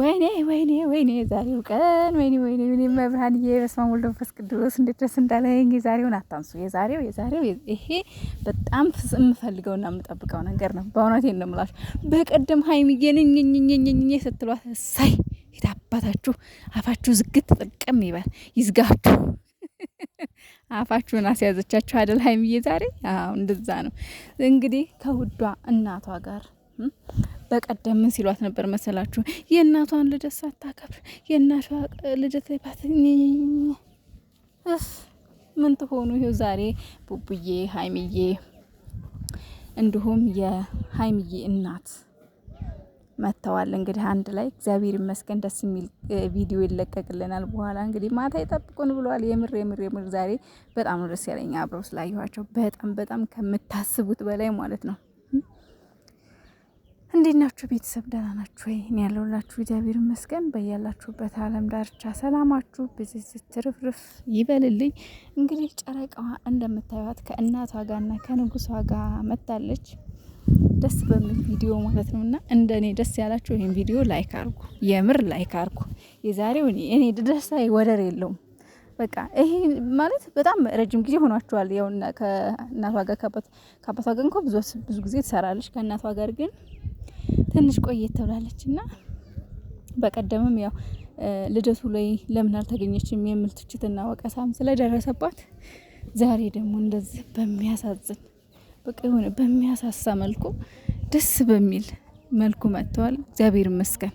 ወይኔ ወይኔ ወይኔ የዛሬው ቀን ወይኔ ወይኔ ወይኔ መብርሃንዬ፣ በስመ አብ ወወልድ ወመንፈስ ቅዱስ እንዴት ደስ እንዳለኝ። የዛሬውን አታንሱ። የዛሬው የዛሬው ይሄ በጣም የምፈልገውና የምጠብቀው ነገር ነው። በእውነቴን ነው የምላችሁ። በቀደም ሀይሚዬን ኝኝኝኝኝ ስትሏት እሳይ የታባታችሁ አፋችሁ ዝግት ጥርቅም ይበል ይዝጋችሁ። አፋችሁን አስያዘቻችሁ አይደል ሀይሚዬ? ዛሬ አዎ እንደዛ ነው እንግዲህ ከውዷ እናቷ ጋር በቀደም ምን ሲሏት ነበር መሰላችሁ? የእናቷን ልደት ሳታከብር የእናቷ ልደት ላይ ባት ምን ትሆኑ። ይኸው ዛሬ ቡቡዬ ሀይሚዬ እንዲሁም የሀይሚዬ እናት መጥተዋል። እንግዲህ አንድ ላይ እግዚአብሔር ይመስገን ደስ የሚል ቪዲዮ ይለቀቅልናል። በኋላ እንግዲህ ማታ ይጠብቁን ብለዋል። የምር የምር የምር ዛሬ በጣም ነው ደስ ያለኝ አብረው ስላየኋቸው፣ በጣም በጣም ከምታስቡት በላይ ማለት ነው። እንዴት ናችሁ ቤተሰብ? ደህና ናችሁ ወይ? እኔ ያለሁላችሁ እግዚአብሔር ይመስገን። በያላችሁበት ዓለም ዳርቻ ሰላማችሁ ብዝዝት ትርፍርፍ ይበልልኝ። እንግዲህ ጨረቃዋ እንደምታዩት ከእናቷ ጋርና ከንጉሷ ጋር መታለች። ደስ በሚል ቪዲዮ ማለት ነው። እና እንደኔ ደስ ያላችሁ ይህን ቪዲዮ ላይክ አርጉ፣ የምር ላይክ አርጉ። የዛሬው እኔ ደስታ ወደር የለውም። በቃ ይሄ ማለት በጣም ረጅም ጊዜ ሆኗቸዋል። ያው ከእናቷ ጋር ከአባቷ ጋር እንኳ ብዙ ጊዜ ትሰራለች። ከእናቷ ጋር ግን ትንሽ ቆየት ተብላለች እና በቀደምም ያው ልደቱ ላይ ለምን አልተገኘችም የሚል ትችትና ወቀሳም ስለደረሰባት ዛሬ ደግሞ እንደዚህ በሚያሳዝን በቃ የሆነ በሚያሳሳ መልኩ ደስ በሚል መልኩ መጥተዋል። እግዚአብሔር ይመስገን።